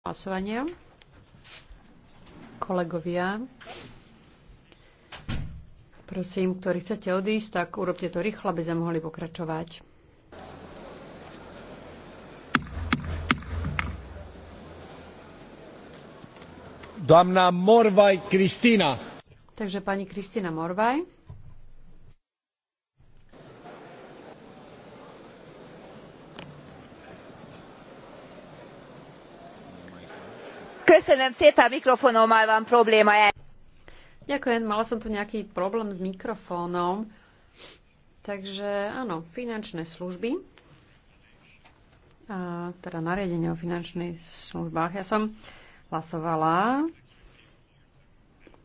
hlasovania. Kolegovia, prosím, ktorí chcete odísť, tak urobte to rýchlo, aby sme mohli pokračovať. Doamna Morvaj Kristina. Takže pani Kristina Morvaj. Ďakujem, mala som tu nejaký problém s mikrofónom. Takže áno, finančné služby. A, teda nariadenie o finančných službách. Ja som hlasovala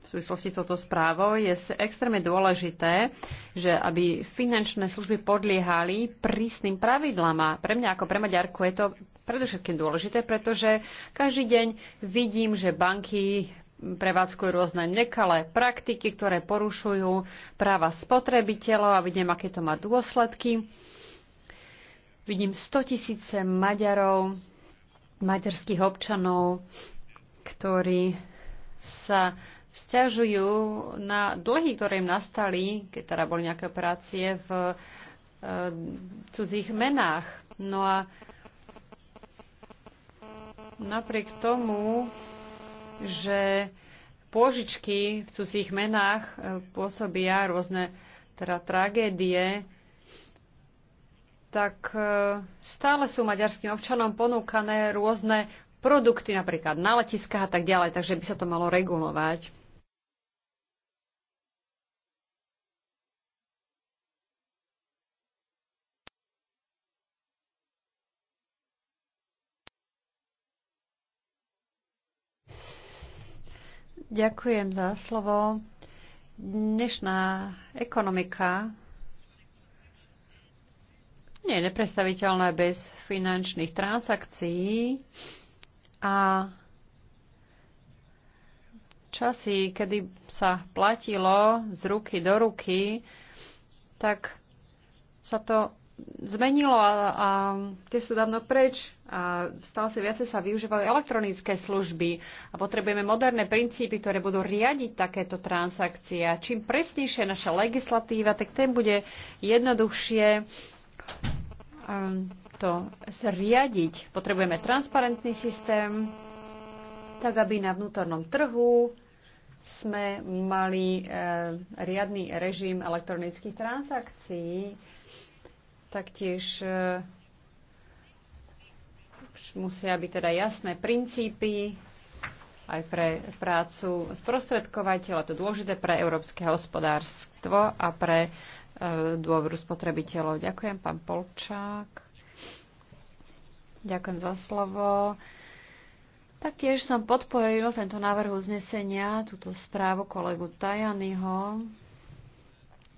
v súvislosti s touto správou, je extrémne dôležité, že aby finančné služby podliehali prísnym pravidlám. A pre mňa ako pre Maďarku je to predovšetkým dôležité, pretože každý deň vidím, že banky prevádzkujú rôzne nekalé praktiky, ktoré porušujú práva spotrebiteľov a vidím, aké to má dôsledky. Vidím 100 tisíce Maďarov, maďarských občanov, ktorí sa stiažujú na dlhy, ktoré im nastali, keď teda boli nejaké operácie v e, cudzích menách. No a napriek tomu, že pôžičky v cudzích menách e, pôsobia rôzne teda tragédie, tak e, stále sú maďarským občanom ponúkané rôzne produkty, napríklad na letiskách a tak ďalej, takže by sa to malo regulovať. Ďakujem za slovo. Dnešná ekonomika nie je nepredstaviteľná bez finančných transakcií a časy, kedy sa platilo z ruky do ruky, tak sa to zmenilo a, a tie sú dávno preč a stále si viacej sa využívajú elektronické služby a potrebujeme moderné princípy, ktoré budú riadiť takéto transakcie. A čím presnejšia naša legislatíva, tak tým bude jednoduchšie ehm, to riadiť. Potrebujeme transparentný systém, tak aby na vnútornom trhu sme mali ehm, riadny režim elektronických transakcií. Taktiež ehm, Musia byť teda jasné princípy aj pre prácu sprostredkovateľa, to dôležité pre európske hospodárstvo a pre e, dôveru spotrebiteľov. Ďakujem, pán Polčák. Ďakujem za slovo. Taktiež som podporil tento návrh uznesenia, túto správu kolegu Tajanyho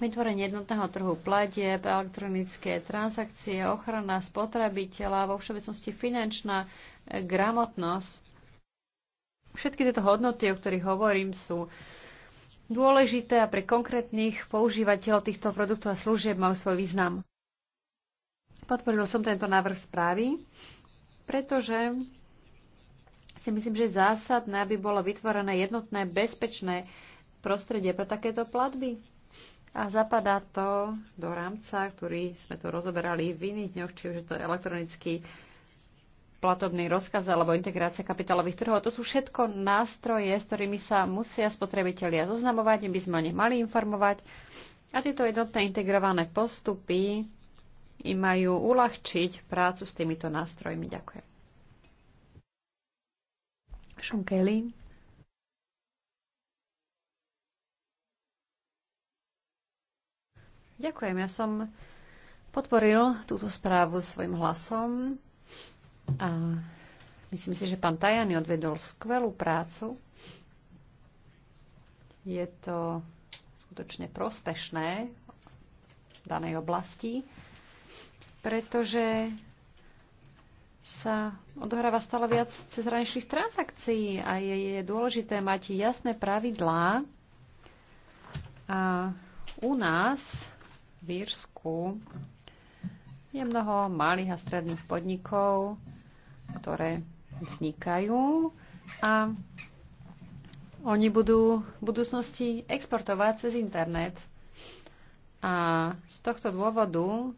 vytvorenie jednotného trhu platieb, elektronické transakcie, ochrana spotrebiteľa, vo všeobecnosti finančná gramotnosť. Všetky tieto hodnoty, o ktorých hovorím, sú dôležité a pre konkrétnych používateľov týchto produktov a služieb majú svoj význam. Podporil som tento návrh správy, pretože si myslím, že je zásadné, aby bolo vytvorené jednotné bezpečné prostredie pre takéto platby a zapadá to do rámca, ktorý sme tu rozoberali v iných dňoch, či už je to elektronický platobný rozkaz alebo integrácia kapitálových trhov. To sú všetko nástroje, s ktorými sa musia spotrebitelia zoznamovať, my by sme o nich mali informovať. A tieto jednotné integrované postupy im majú uľahčiť prácu s týmito nástrojmi. Ďakujem. Šunkeli. Ďakujem. Ja som podporil túto správu svojim hlasom a myslím si, že pán Tajani odvedol skvelú prácu. Je to skutočne prospešné v danej oblasti, pretože sa odohráva stále viac cezhraničných transakcií a je, je dôležité mať jasné pravidlá. A u nás v Írsku je mnoho malých a stredných podnikov, ktoré vznikajú a oni budú v budúcnosti exportovať cez internet. A z tohto dôvodu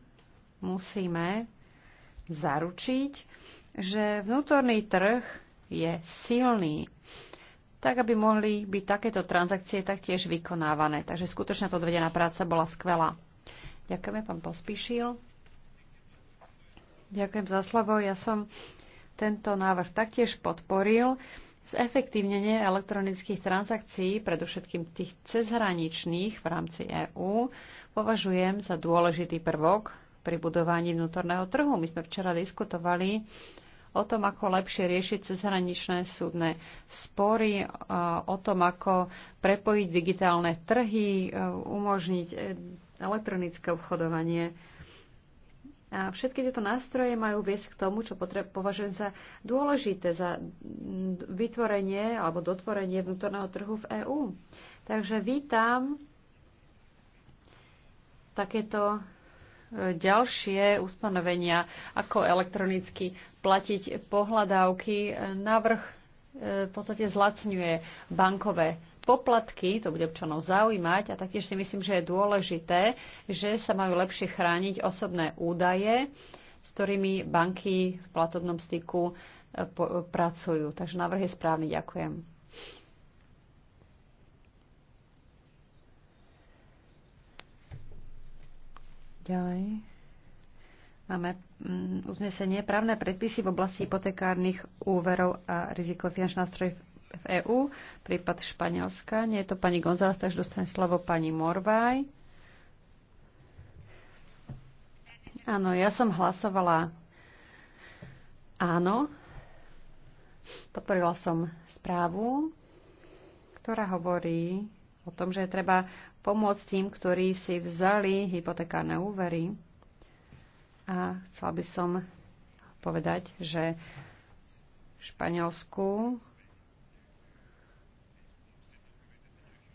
musíme zaručiť, že vnútorný trh je silný, tak aby mohli byť takéto transakcie taktiež vykonávané. Takže skutočná to odvedená práca bola skvelá. Ďakujeme, pán Pospíšil. Ďakujem za slovo. Ja som tento návrh taktiež podporil. Zefektívnenie elektronických transakcií, predovšetkým tých cezhraničných v rámci EÚ, považujem za dôležitý prvok pri budovaní vnútorného trhu. My sme včera diskutovali o tom, ako lepšie riešiť cezhraničné súdne spory, e, o tom, ako prepojiť digitálne trhy, e, umožniť e, elektronické obchodovanie. A všetky tieto nástroje majú viesť k tomu, čo považujem za dôležité, za vytvorenie alebo dotvorenie vnútorného trhu v EÚ. Takže vítam takéto e, ďalšie ustanovenia, ako elektronicky platiť pohľadávky. E, návrh e, v podstate zlacňuje bankové poplatky, to bude občanov zaujímať a taktiež si myslím, že je dôležité, že sa majú lepšie chrániť osobné údaje, s ktorými banky v platobnom styku e, pracujú. Takže návrh je správny. Ďakujem. Ďalej. Máme mm, uznesenie právne predpisy v oblasti hypotekárnych úverov a riziko finančných nástrojov v EÚ, prípad Španielska. Nie je to pani González, takže dostane slovo pani Morvaj. Áno, ja som hlasovala áno. Podporila som správu, ktorá hovorí o tom, že treba pomôcť tým, ktorí si vzali hypotekárne úvery. A chcela by som povedať, že v Španielsku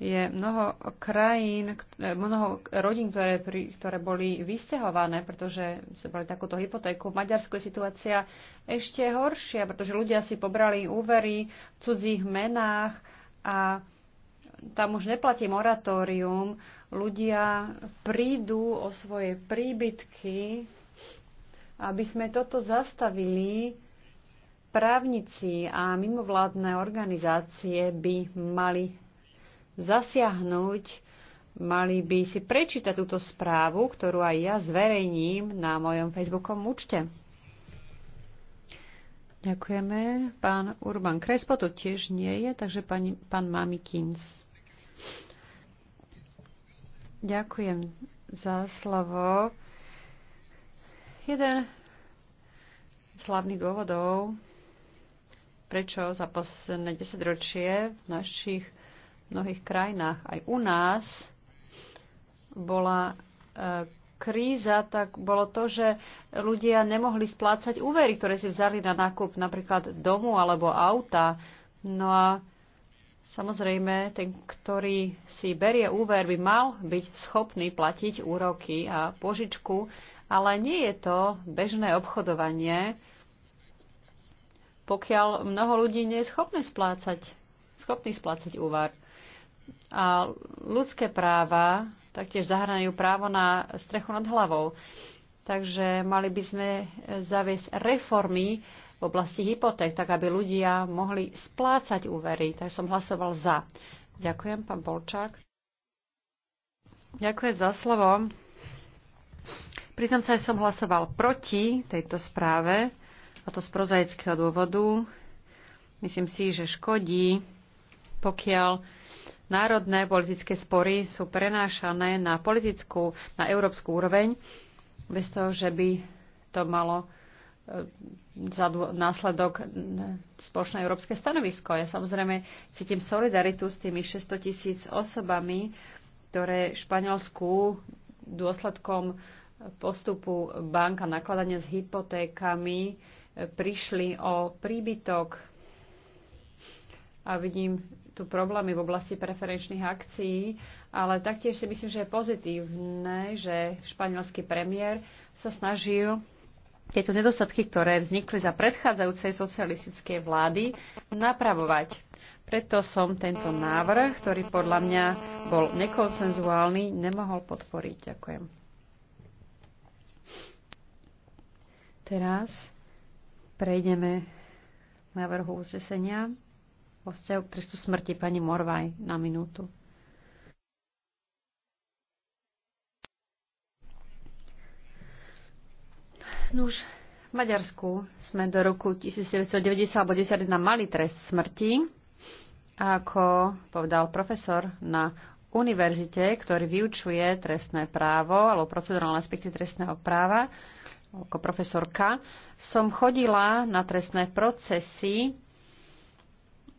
je mnoho krajín, e, mnoho rodín, ktoré, ktoré boli vysťahované, pretože sa boli takúto hypotéku. V Maďarsku je situácia ešte horšia, pretože ľudia si pobrali úvery v cudzích menách a tam už neplatí moratórium. Ľudia prídu o svoje príbytky. Aby sme toto zastavili, právnici a mimovládne organizácie by mali zasiahnuť, mali by si prečítať túto správu, ktorú aj ja zverejním na mojom Facebookom účte. Ďakujeme. Pán Urban Krespo to tiež nie je, takže pani, pán Mami Kins. Ďakujem za slovo. Jeden z hlavných dôvodov, prečo za posledné 10 ročie v našich mnohých krajinách, aj u nás, bola e, kríza, tak bolo to, že ľudia nemohli splácať úvery, ktoré si vzali na nákup napríklad domu alebo auta. No a samozrejme, ten, ktorý si berie úver, by mal byť schopný platiť úroky a požičku, ale nie je to bežné obchodovanie, pokiaľ mnoho ľudí nie je schopné splácať, schopný splácať úver. A ľudské práva taktiež zahranajú právo na strechu nad hlavou. Takže mali by sme e, zaviesť reformy v oblasti hypoték, tak aby ľudia mohli splácať úvery. Takže som hlasoval za. Ďakujem, pán Polčák. Ďakujem za slovo. Priznám sa že som hlasoval proti tejto správe, a to z prozaického dôvodu. Myslím si, že škodí, pokiaľ národné politické spory sú prenášané na politickú, na európsku úroveň, bez toho, že by to malo e, za následok spoločné európske stanovisko. Ja samozrejme cítim solidaritu s tými 600 tisíc osobami, ktoré Španielsku dôsledkom postupu banka nakladania s hypotékami e, prišli o príbytok. A vidím, tu problémy v oblasti preferenčných akcií, ale taktiež si myslím, že je pozitívne, že španielský premiér sa snažil tieto nedostatky, ktoré vznikli za predchádzajúcej socialistickej vlády, napravovať. Preto som tento návrh, ktorý podľa mňa bol nekonsenzuálny, nemohol podporiť. Ďakujem. Teraz prejdeme k návrhu uznesenia vo vzťahu k trestu smrti pani Morvaj na minútu. Nuž, v Maďarsku sme do roku 1990 alebo 1991 mali trest smrti. A ako povedal profesor na univerzite, ktorý vyučuje trestné právo alebo procedurálne aspekty trestného práva, ako profesorka, som chodila na trestné procesy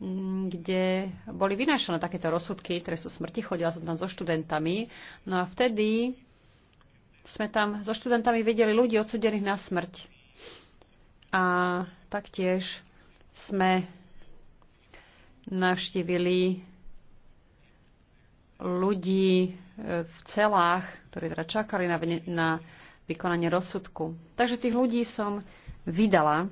Mm, kde boli vynášané takéto rozsudky trestu smrti. Chodila som tam so študentami. No a vtedy sme tam so študentami vedeli ľudí odsudených na smrť. A taktiež sme navštívili ľudí e, v celách, ktorí teda čakali na, na vykonanie rozsudku. Takže tých ľudí som vydala.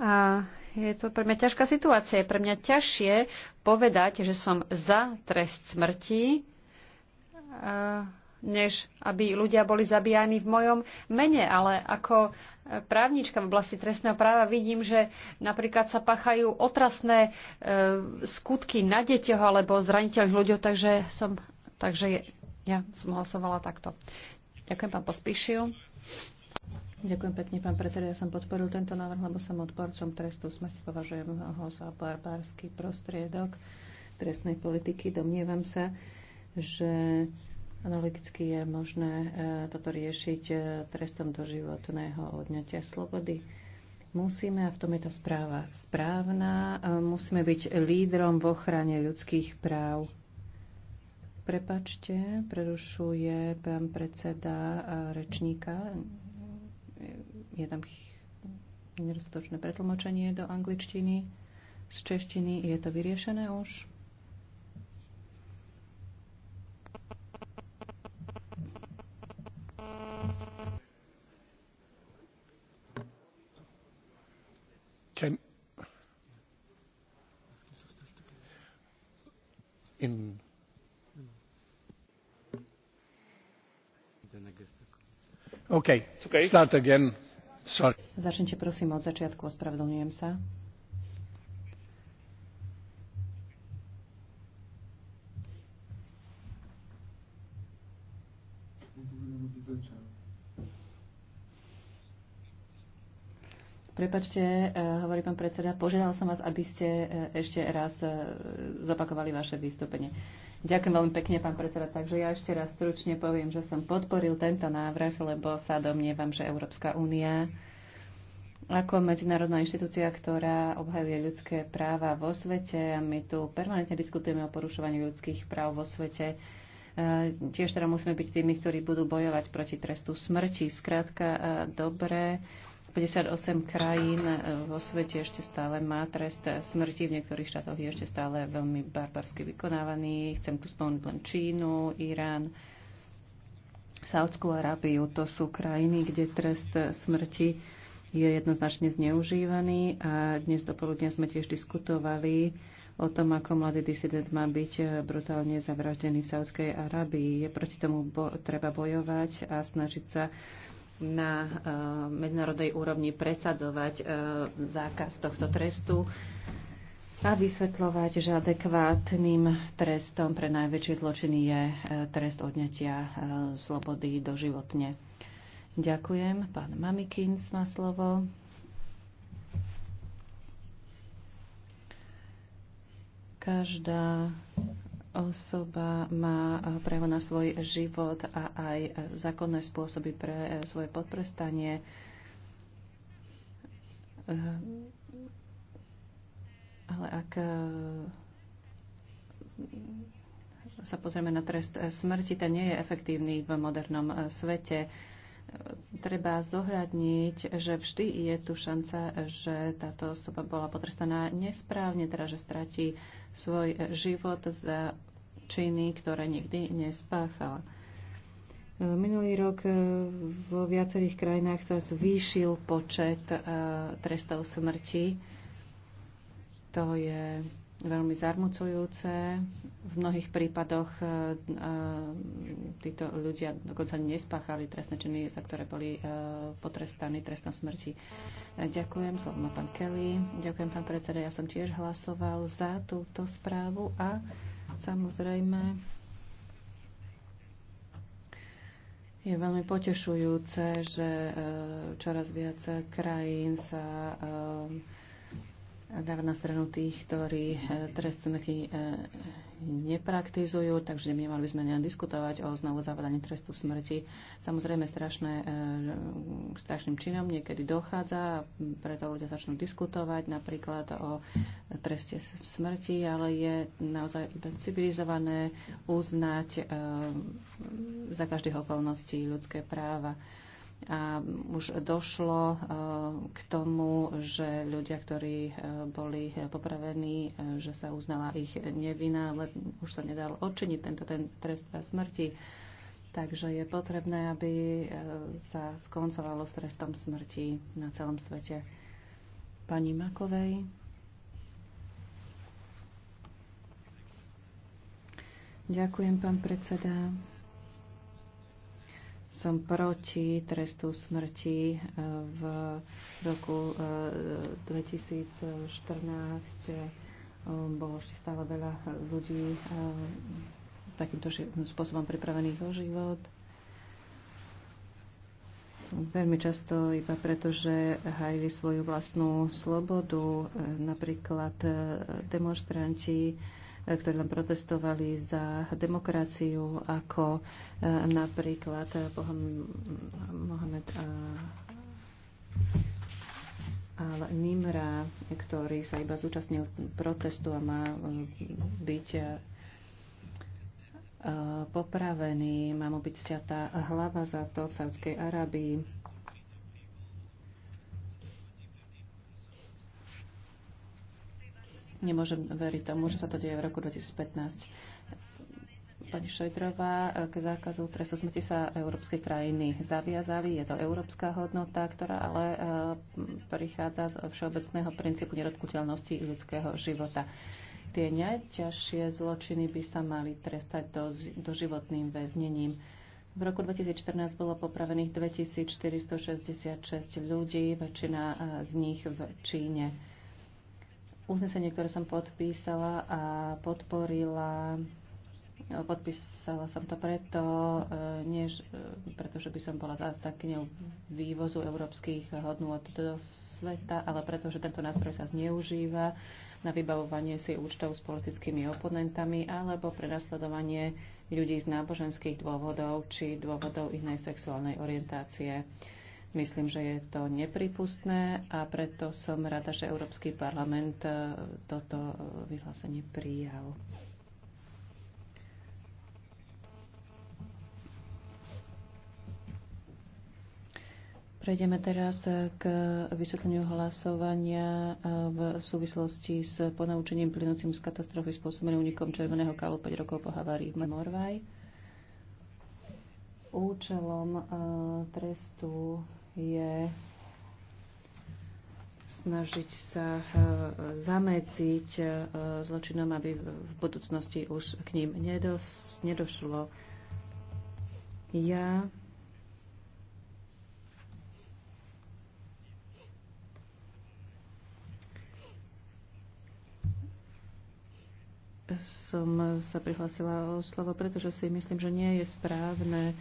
A je to pre mňa ťažká situácia. Je pre mňa ťažšie povedať, že som za trest smrti, eh, než aby ľudia boli zabíjani v mojom mene. Ale ako eh, právnička v oblasti trestného práva vidím, že napríklad sa pachajú otrasné eh, skutky na deťoch alebo zraniteľných ľuďov, takže som, takže ja som hlasovala takto. Ďakujem, pán Pospíšil. Ďakujem pekne, pán predseda. Ja som podporil tento návrh, lebo som odporcom trestu smrti. Považujem ho za barbársky prostriedok trestnej politiky. Domnievam sa, že analogicky je možné e, toto riešiť e, trestom doživotného odňatia slobody. Musíme, a v tom je tá správa správna, e, musíme byť lídrom v ochrane ľudských práv. Prepačte, prerušuje pán predseda rečníka je tam nedostatočné pretlmočenie do angličtiny. Z češtiny je to vyriešené už. in Okay. Okay. Start again. Začnite prosím od začiatku, ospravedlňujem sa. Prepačte, e, hovorí pán predseda, požiadal som vás, aby ste e, ešte raz e, zopakovali vaše vystúpenie. Ďakujem veľmi pekne, pán predseda. Takže ja ešte raz stručne poviem, že som podporil tento návrh, lebo sa domnievam, že Európska únia ako medzinárodná inštitúcia, ktorá obhajuje ľudské práva vo svete a my tu permanentne diskutujeme o porušovaní ľudských práv vo svete, tiež teda musíme byť tými, ktorí budú bojovať proti trestu smrti. Skrátka, dobre, 58 krajín e, vo svete ešte stále má trest smrti, v niektorých štátoch je ešte stále veľmi barbarsky vykonávaný. Chcem tu spomenúť len Čínu, Irán, Saudskú Arábiu. To sú krajiny, kde trest smrti je jednoznačne zneužívaný a dnes do poludnia sme tiež diskutovali o tom, ako mladý disident má byť brutálne zavraždený v Saudskej Arábii. Je proti tomu bo- treba bojovať a snažiť sa na eh, medzinárodnej úrovni presadzovať eh, zákaz tohto trestu a vysvetľovať, že adekvátnym trestom pre najväčšie zločiny je eh, trest odňatia slobody doživotne. Ďakujem. Pán Mamikins má slovo. Každá osoba má eh, právo na svoj život a aj eh, zákonné spôsoby pre eh, svoje podprestanie. Ale ak sa pozrieme na trest smrti, ten nie je efektívny v modernom svete treba zohľadniť, že vždy je tu šanca, že táto osoba bola potrestaná nesprávne, teda že stratí svoj život za činy, ktoré nikdy nespáchala. Minulý rok vo viacerých krajinách sa zvýšil počet eh, trestov smrti. To je veľmi zarmucujúce. V mnohých prípadoch e, e, títo ľudia dokonca nespáchali trestné činy, za ktoré boli e, potrestaní trestom smrti. Ďakujem, slovo má pán Kelly. Ďakujem, pán predseda. Ja som tiež hlasoval za túto správu a samozrejme je veľmi potešujúce, že čoraz viac krajín sa dáva na stranu tých, ktorí e, trest smrti e, nepraktizujú, takže nemali by sme len diskutovať o znovu zavadaní trestu smrti. Samozrejme, strašné, e, strašným činom niekedy dochádza a preto ľudia začnú diskutovať napríklad o treste smrti, ale je naozaj iba civilizované uznať za každých okolností ľudské práva. A už došlo e, k tomu, že ľudia, ktorí e, boli popravení, e, že sa uznala ich nevina, ale už sa nedal odčiniť tento ten trest smrti. Takže je potrebné, aby sa skoncovalo s trestom smrti na celom svete. Pani Makovej. Ďakujem, pán predseda som proti trestu smrti e, v roku 2014. E, e, bolo ešte stále veľa ľudí takýmto spôsobom pripravených o život. Veľmi často iba preto, že hajili svoju vlastnú slobodu. Napríklad demonstranti ktorí len protestovali za demokraciu, ako e, napríklad e, Mohamed e, ale Nimra, ktorý sa iba zúčastnil protestu a má byť popravený, má mu byť sťatá hlava za to v Saudskej Arabii Nemôžem veriť tomu, že sa to deje v roku 2015. Pani Šojdrová, k zákazu trestu smrti sa európske krajiny zaviazali. Je to európska hodnota, ktorá ale e, prichádza z všeobecného princípu nedotknutelnosti ľudského života. Tie najťažšie zločiny by sa mali trestať do, doživotným väznením. V roku 2014 bolo popravených 2466 ľudí, väčšina e, z nich v Číne uznesenie, ktoré som podpísala a podporila, podpísala som to preto, e, než, e, pretože by som bola zástakňou vývozu európskych hodnôt do sveta, ale pretože tento nástroj sa zneužíva na vybavovanie si účtov s politickými oponentami alebo prenasledovanie ľudí z náboženských dôvodov či dôvodov inej sexuálnej orientácie. Myslím, že je to nepripustné a preto som rada, že Európsky parlament e, toto vyhlásenie prijal. Prejdeme teraz e, k vysvetleniu hlasovania e, v súvislosti s ponaučením plynúcim z katastrofy spôsobeným únikom červeného kalu 5 rokov po havárii v Morvaj. Účelom trestu je snažiť sa e, zamedziť e, zločinom, aby v budúcnosti už k ním nedos, nedošlo. Ja som sa prihlásila o slovo, pretože si myslím, že nie je správne uh,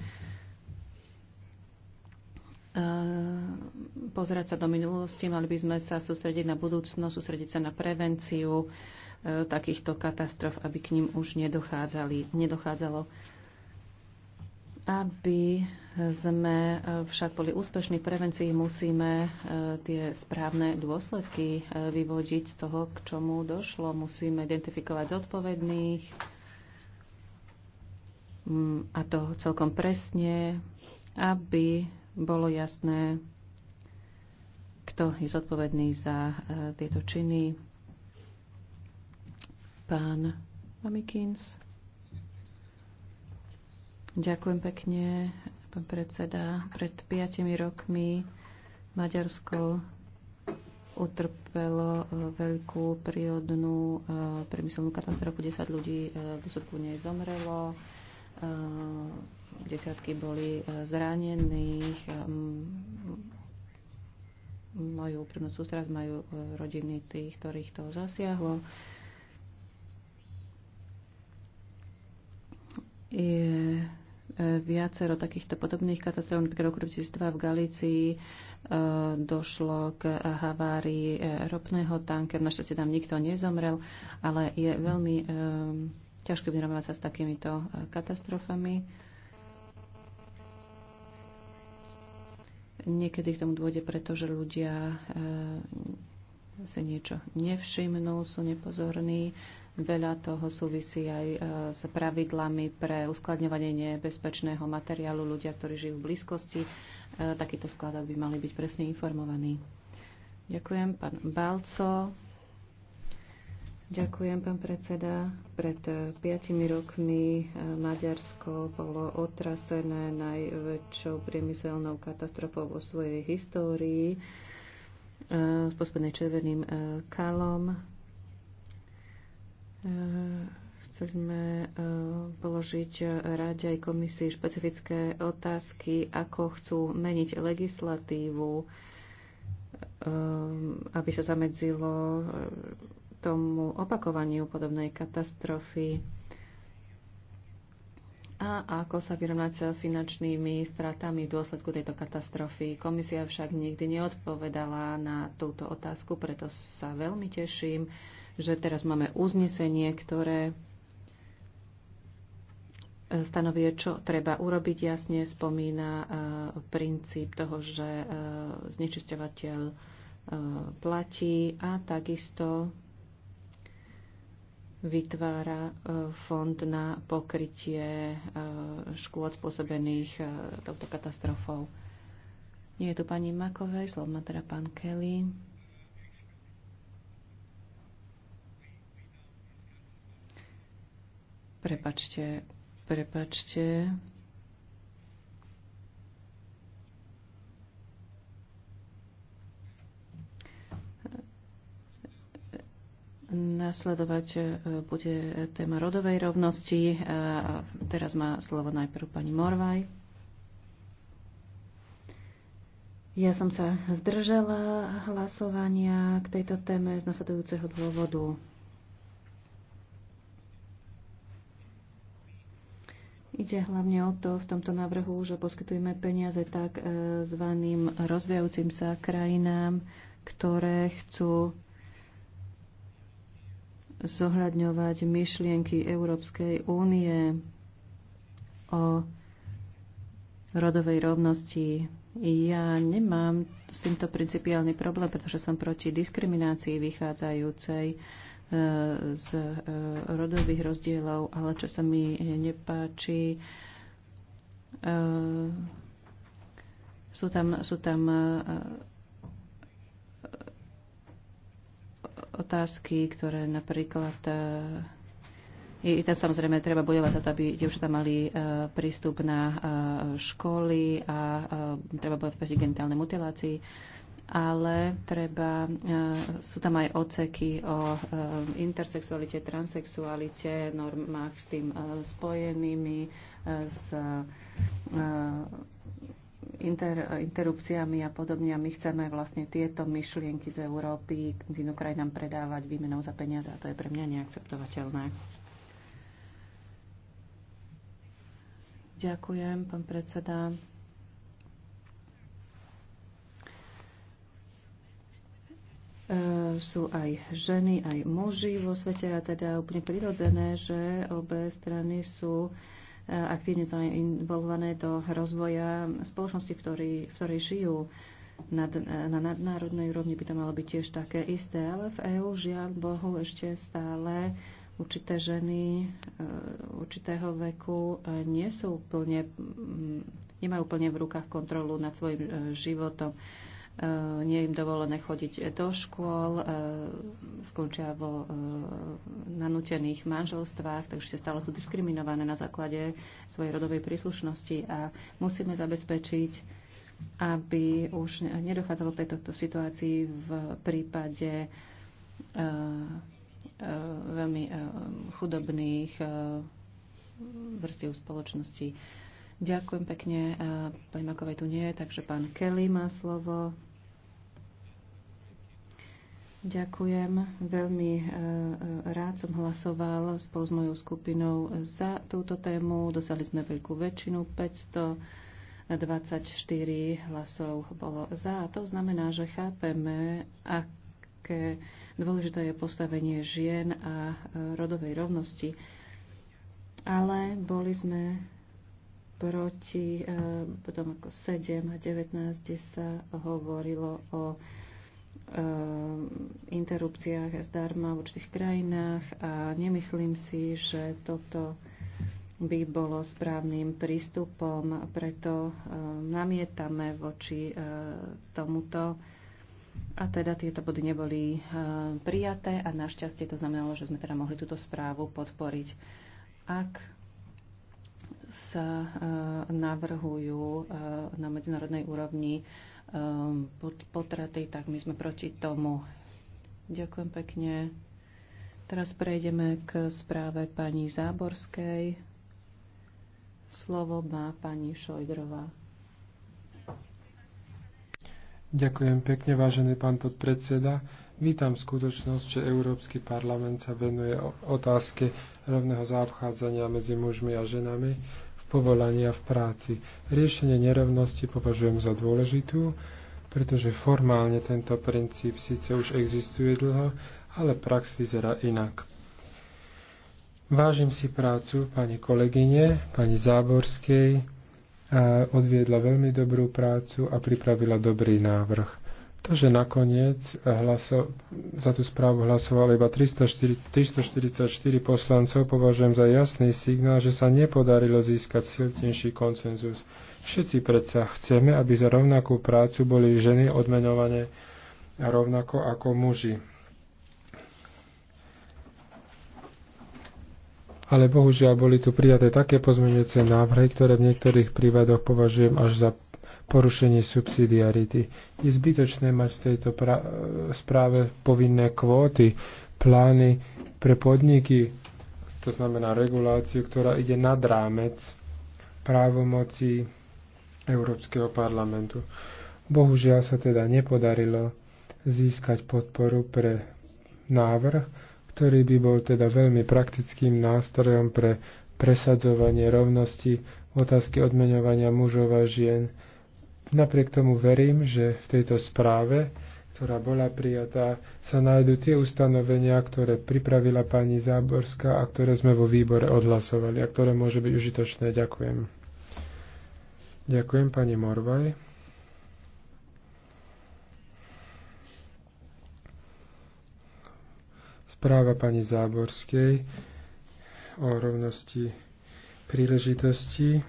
pozerať sa do minulosti, mali by sme sa sústrediť na budúcnosť, sústrediť sa na prevenciu e, takýchto katastrof, aby k ním už nedochádzali, nedochádzalo. Aby sme e, však boli úspešní v prevencii, musíme e, tie správne dôsledky vyvodiť z toho, k čomu došlo. Musíme identifikovať zodpovedných mm, a to celkom presne, aby bolo jasné, kto je zodpovedný za e, tieto činy? Pán Mamikins. Ďakujem pekne, pán predseda. Pred piatimi rokmi Maďarsko utrpelo e, veľkú prírodnú e, priemyselnú katastrofu. 10 ľudí v dôsledku nej zomrelo, desiatky boli zranených, moju úprimnú sústrasť majú e, rodiny tých, ktorých to zasiahlo. Je e, viacero takýchto podobných katastrof. Napríklad roku 2002 v Galícii e, došlo k havárii ropného tankeru. Našťastie tam nikto nezomrel, ale je veľmi ťažké vyrovnávať sa s takýmito katastrofami. Niekedy k tomu dôjde, pretože ľudia e, si niečo nevšimnú, sú nepozorní. Veľa toho súvisí aj e, s pravidlami pre uskladňovanie nebezpečného materiálu. Ľudia, ktorí žijú v blízkosti, e, takýto skladok by mali byť presne informovaní. Ďakujem. Pán Balco. Ďakujem, pán predseda. Pred eh, piatimi rokmi eh, Maďarsko bolo otrasené najväčšou priemyselnou katastrofou vo svojej histórii, eh, spôsobené červeným kalom. Chceli sme položiť rade aj komisii špecifické otázky, ako chcú meniť legislatívu, aby sa zamedzilo tomu opakovaniu podobnej katastrofy a ako sa vyrovnať s finančnými stratami v dôsledku tejto katastrofy. Komisia však nikdy neodpovedala na túto otázku, preto sa veľmi teším, že teraz máme uznesenie, ktoré stanovuje, čo treba urobiť. Jasne spomína e, princíp toho, že e, znečisťovateľ e, platí a takisto vytvára e, fond na pokrytie e, škôd spôsobených e, touto katastrofou. Nie je tu pani Makovej, slov má teda pán Kelly. Prepačte, prepačte. Nasledovať e, bude téma rodovej rovnosti. A e, teraz má slovo najprv pani Morvaj. Ja som sa zdržala hlasovania k tejto téme z nasledujúceho dôvodu. Ide hlavne o to v tomto návrhu, že poskytujeme peniaze tak e, zvaným rozvíjajúcim sa krajinám, ktoré chcú zohľadňovať myšlienky Európskej únie o rodovej rovnosti. Ja nemám s týmto principiálny problém, pretože som proti diskriminácii vychádzajúcej e, z e, rodových rozdielov, ale čo sa mi nepáči, e, sú tam, sú tam otázky, ktoré napríklad je tam samozrejme treba bojovať za to, aby dievčatá mali e, prístup na e, školy a e, treba bojovať proti genitálnej mutilácii, ale treba, sú tam aj oceky o intersexualite, transexualite, normách s tým spojenými, s inter, interrupciami a podobne. A my chceme vlastne tieto myšlienky z Európy tým iným predávať výmenou za peniaze a to je pre mňa neakceptovateľné. Ďakujem, pán predseda. E, sú aj ženy, aj muži vo svete a teda úplne prirodzené, že obe strany sú Eh, aktívne involvované do rozvoja spoločnosti, v, ktorý, v ktorej žijú. Nad, eh, na nadnárodnej úrovni by to malo byť tiež také isté, ale v EÚ žiaľ Bohu ešte stále určité ženy eh, určitého veku nie sú plne, mm, nemajú plne v rukách kontrolu nad svojim životom. E, nie je im dovolené chodiť do škôl, e, skončia vo e, nanútených manželstvách, takže stále sú diskriminované na základe svojej rodovej príslušnosti a musíme zabezpečiť, aby už nedochádzalo v tejto situácii v prípade veľmi chudobných vrstiev spoločnosti. Ďakujem pekne. Pani Makovej tu nie je, takže pán Kelly má slovo. Ďakujem. Veľmi e, e, rád som hlasoval spolu s mojou skupinou za túto tému. Dosali sme veľkú väčšinu, 524 hlasov bolo za. A to znamená, že chápeme, aké dôležité je postavenie žien a e, rodovej rovnosti. Ale boli sme proti, e, potom ako 7 a 19, kde sa hovorilo o e, interrupciách zdarma v určitých krajinách a nemyslím si, že toto by bolo správnym prístupom, preto e, namietame voči tomuto a teda tieto body neboli prijaté a našťastie to znamenalo, že sme teda mohli túto správu podporiť. Ak sa e, navrhujú e, na medzinárodnej úrovni e, potraty, tak my sme proti tomu. Ďakujem pekne. Teraz prejdeme k správe pani Záborskej. Slovo má pani Šojdrová. Ďakujem pekne, vážený pán podpredseda. Vítam skutočnosť, že Európsky parlament sa venuje otázke rovného zaobchádzania medzi mužmi a ženami v povolaní a v práci. Riešenie nerovnosti považujem za dôležitú, pretože formálne tento princíp síce už existuje dlho, ale prax vyzerá inak. Vážim si prácu pani kolegyne, pani Záborskej, a odviedla veľmi dobrú prácu a pripravila dobrý návrh. To, že nakoniec eh, hlaso, za tú správu hlasovalo iba 340, 344 poslancov, považujem za jasný signál, že sa nepodarilo získať silnejší koncenzus. Všetci predsa chceme, aby za rovnakú prácu boli ženy odmenované rovnako ako muži. Ale bohužiaľ boli tu prijaté také pozmeňujúce návrhy, ktoré v niektorých prípadoch považujem až za porušenie subsidiarity. Je zbytočné mať v tejto správe povinné kvóty, plány pre podniky, to znamená reguláciu, ktorá ide nad rámec právomocí Európskeho parlamentu. Bohužiaľ sa teda nepodarilo získať podporu pre návrh, ktorý by bol teda veľmi praktickým nástrojom pre presadzovanie rovnosti v otázke odmeňovania mužov a žien Napriek tomu verím, že v tejto správe, ktorá bola prijatá, sa nájdú tie ustanovenia, ktoré pripravila pani Záborská a ktoré sme vo výbore odhlasovali a ktoré môže byť užitočné. Ďakujem. Ďakujem pani Morvaj. Správa pani Záborskej o rovnosti príležitostí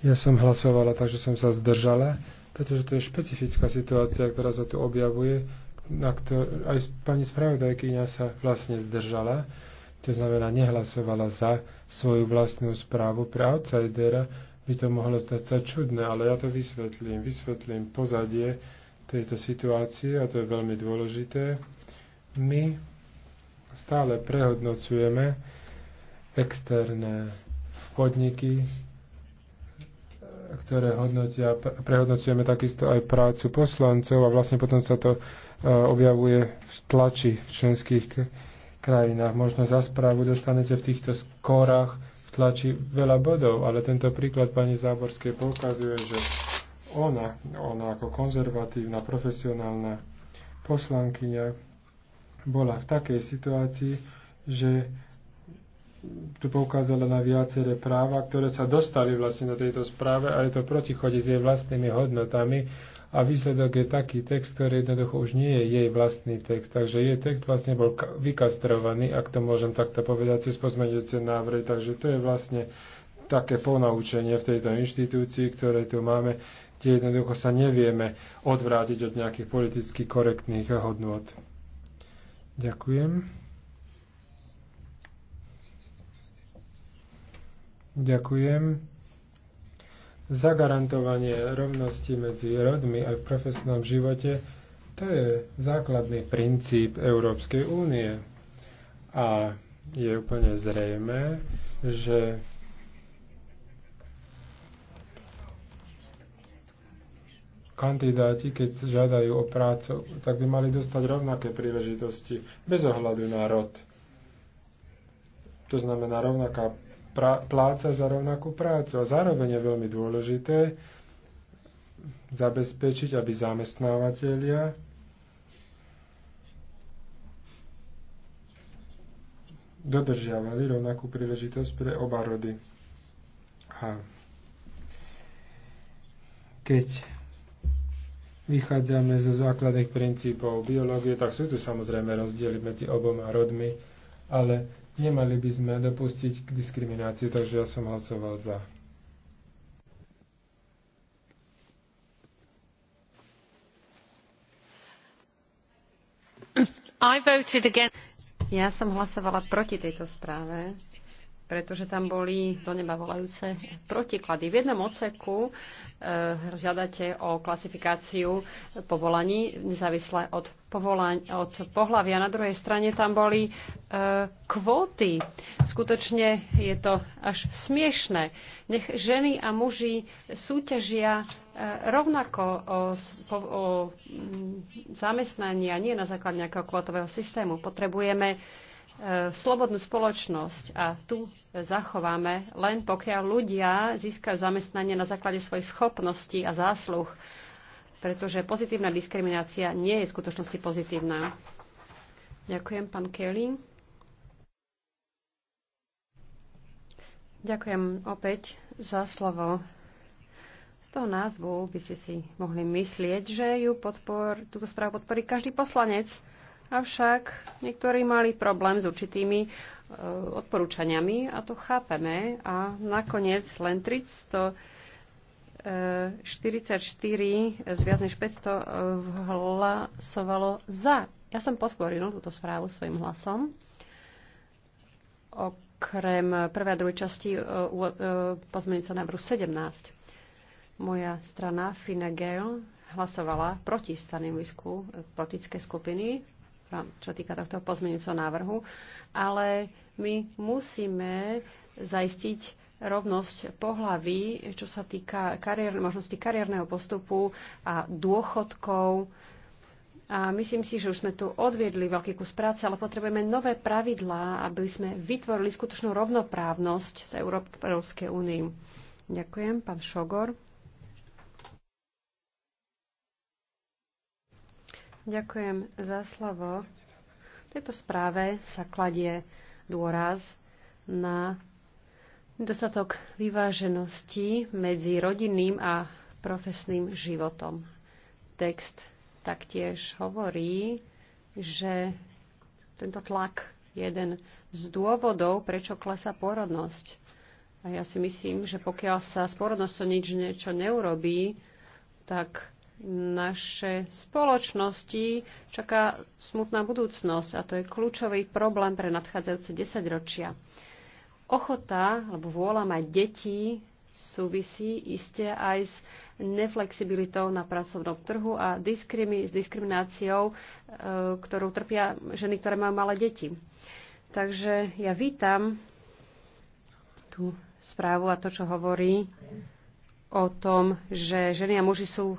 ja som hlasovala, takže som sa zdržala, pretože to je špecifická situácia, ktorá sa tu objavuje, na ktor- aj pani spravodajkyňa sa vlastne zdržala, to znamená nehlasovala za svoju vlastnú správu pre outsidera, by to mohlo stať sa čudné, ale ja to vysvetlím. Vysvetlím pozadie tejto situácie a to je veľmi dôležité. My stále prehodnocujeme externé podniky, ktoré hodnotia, prehodnocujeme takisto aj prácu poslancov a vlastne potom sa to e, objavuje v tlači v členských krajinách. Možno za správu dostanete v týchto skórach v tlači veľa bodov, ale tento príklad pani Záborskej poukazuje, že ona, ona ako konzervatívna, profesionálna poslankyňa bola v takej situácii, že tu poukázala na viaceré práva, ktoré sa dostali vlastne do tejto správe a je to protichodí s jej vlastnými hodnotami a výsledok je taký text, ktorý jednoducho už nie je jej vlastný text. Takže jej text vlastne bol vykastrovaný, ak to môžem takto povedať, cez pozmeňujúce návrhy. Takže to je vlastne také ponaučenie v tejto inštitúcii, ktoré tu máme, kde jednoducho sa nevieme odvrátiť od nejakých politicky korektných hodnot. Ďakujem. Ďakujem. Zagarantovanie rovnosti medzi rodmi aj v profesnom živote, to je základný princíp Európskej únie. A je úplne zrejme, že kandidáti, keď žiadajú o prácu, tak by mali dostať rovnaké príležitosti, bez ohľadu na rod. To znamená rovnaká pláca za rovnakú prácu. A zároveň je veľmi dôležité zabezpečiť, aby zamestnávateľia dodržiavali rovnakú príležitosť pre oba rody. A keď vychádzame zo základných princípov biológie, tak sú tu samozrejme rozdiely medzi oboma rodmi, ale Nemali by sme dopustiť k diskriminácii, takže ja som hlasoval za. I voted against... Ja som hlasovala proti tejto správe, pretože tam boli do neba volajúce protiklady. V jednom odseku e, žiadate o klasifikáciu povolaní nezávisle od, povolaň, od pohlavia. Na druhej strane tam boli e, kvóty. Skutočne je to až smiešne. Nech ženy a muži súťažia e, rovnako o, o, o mm, zamestnania, nie na základe nejakého kvótového systému. Potrebujeme slobodnú spoločnosť a tu zachováme len pokiaľ ľudia získajú zamestnanie na základe svojich schopností a zásluh, pretože pozitívna diskriminácia nie je v skutočnosti pozitívna. Ďakujem, pán Kelly. Ďakujem opäť za slovo. Z toho názvu by ste si mohli myslieť, že ju podpor, túto správu podporí každý poslanec. Avšak niektorí mali problém s určitými e, odporúčaniami a to chápeme a nakoniec len 344 e, z viac než 500 e, hlasovalo za. Ja som podporil túto správu svojim hlasom. Okrem prvej a druhej časti e, e, pozmeňujúceho návrhu 17. Moja strana Fine Gael hlasovala proti stanovisku e, politické skupiny čo týka tohto pozmeňujúceho návrhu, ale my musíme zaistiť rovnosť pohlaví, čo sa týka kariér, možnosti kariérneho postupu a dôchodkov. A myslím si, že už sme tu odviedli veľký kus práce, ale potrebujeme nové pravidlá, aby sme vytvorili skutočnú rovnoprávnosť z Európskej únii. Ďakujem, pán Šogor. Ďakujem za slovo. V tejto správe sa kladie dôraz na dostatok vyváženosti medzi rodinným a profesným životom. Text taktiež hovorí, že tento tlak je jeden z dôvodov, prečo klesá porodnosť. A ja si myslím, že pokiaľ sa s porodnosťou nič niečo neurobí, tak naše spoločnosti čaká smutná budúcnosť a to je kľúčový problém pre nadchádzajúce desaťročia. Ochota alebo vôľa mať deti súvisí iste aj s neflexibilitou na pracovnom trhu a diskrimi- s diskrimináciou, e, ktorú trpia ženy, ktoré majú malé deti. Takže ja vítam tú správu a to, čo hovorí o tom, že ženy a muži sú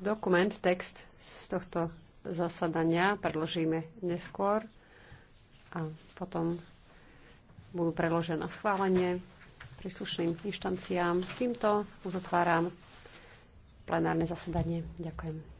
Dokument, text z tohto zasadania predložíme neskôr a potom budú preložené na schválenie príslušným inštanciám. Týmto uzatváram plenárne zasadanie. Ďakujem.